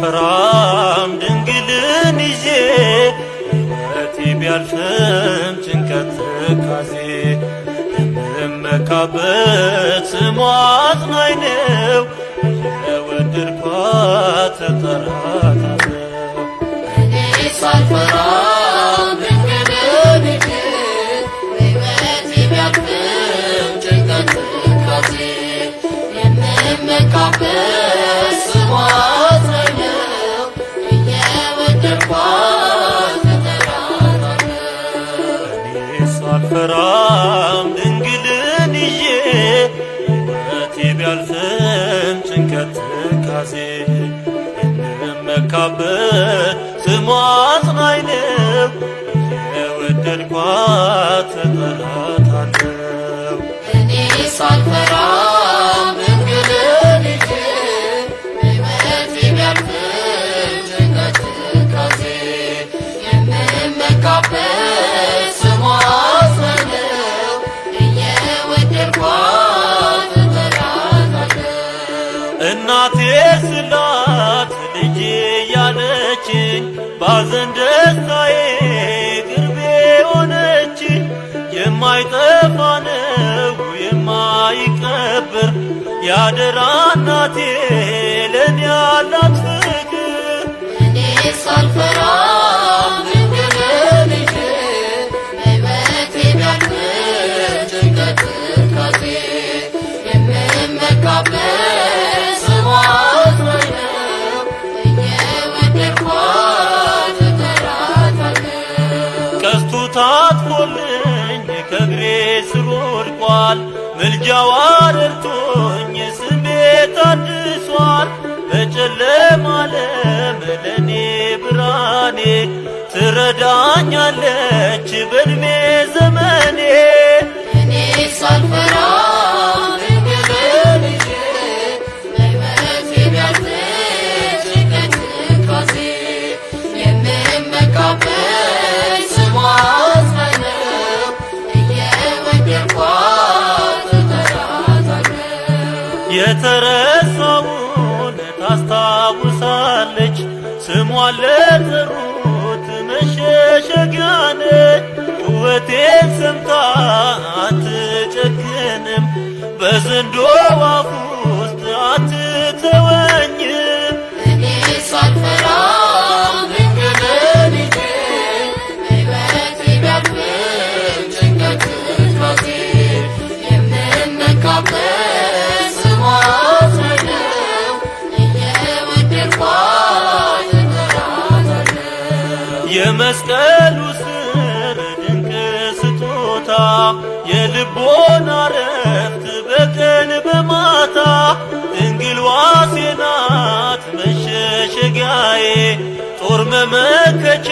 አልፈራም ድንግልን ይዤ ለቲ ቢያልፍም ጭንቀት ካዜ የምመካበት ስሟ አጽናኝ ነው የወደድኳት ተጠራ ሥላሴ የምመካበት ስላት ልጅ ያለችኝ ባዘን ደስታዬ ቅርቤ ሆነችኝ። የማይጠፋ ነው የማይቀበር ያደራ እናቴ ለኔ ያላት ፍቅር እኔ ሳልፈራ ተለውጧል። ምልጃዋ ረድቶኝ ስሜት ታድሷል። በጨለማ ዓለም ለኔ ብርሃኔ ትረዳኛለች በእድሜ ዘመኔ እኔ ሳልፈራ ታስታውሳለች ስሟን ለጠሩት መሸሸጊያ ነች። ሰምታ አትጨክንም በዘንዶ የመስቀሉ ስር ድንቅ ስጦታ የልቦን አረፍት በቀን በማታ ድንግል ዋሴ ናት መሸሸጊያዬ ጦር መመከቻ